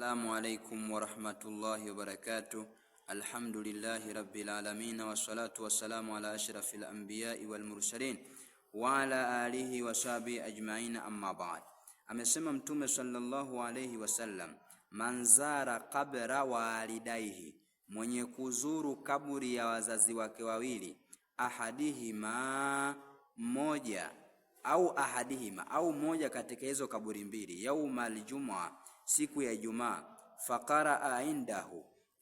Assalamu alaikum warahmatullahi wabarakatuh. Alhamdulillahi rabbil alamin wassalatu wassalamu ala ashrafil anbiyai wal mursalin wa ala alihi wa sahbihi ajmain, amma ba'd. Amesema Mtume sallallahu alayhi wasallam, manzara qabra walidaihi, mwenye kuzuru kaburi ya wazazi wake wawili, ahadihima, moja au ahadihima au moja katika hizo kaburi mbili, yaumal jumaa siku ya Ijumaa, faqaraa aindahu,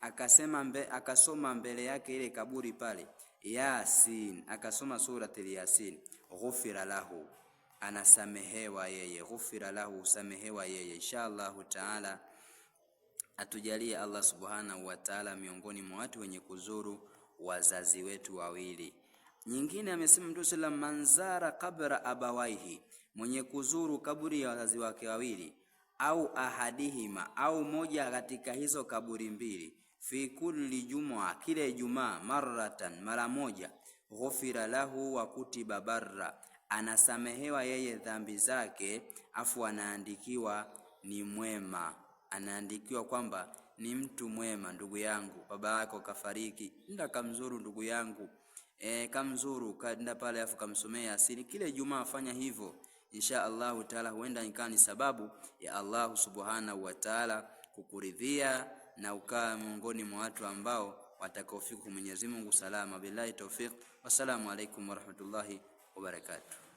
akasema mbe, akasoma mbele yake ile kaburi pale Yasin, akasoma suratul Yasin. Ghufira lahu, anasamehewa yeye. Ghufira lahu, usamehewa yeye. Insha taala atujalie Allah subhanahu wa taala miongoni mwa watu wenye kuzuru wazazi wetu wawili. Nyingine amesema Mtume sallallahu wasallam, manzara kabra abawaihi, mwenye kuzuru kaburi ya wazazi wake wawili au ahadihima au moja katika hizo kaburi mbili, fi kulli jumaa, kila Ijumaa, marratan, mara moja, ghufira lahu wa kutiba barra, anasamehewa yeye dhambi zake, afu anaandikiwa ni mwema, anaandikiwa kwamba ni mtu mwema. Ndugu yangu, baba yako kafariki, nda kamzuru ndugu yangu, e, kamzuru, kanda pale afu kamsomea asili kila Ijumaa, afanya hivyo insha Allahu taala, huenda ikawa ni sababu ya Allahu subhanahu wa taala kukuridhia na ukawa miongoni mwa watu ambao watakaofika kwa Mwenyezi Mungu salama. Billahi tawfiq, wassalamu alaikum warahmatullahi wabarakatuh.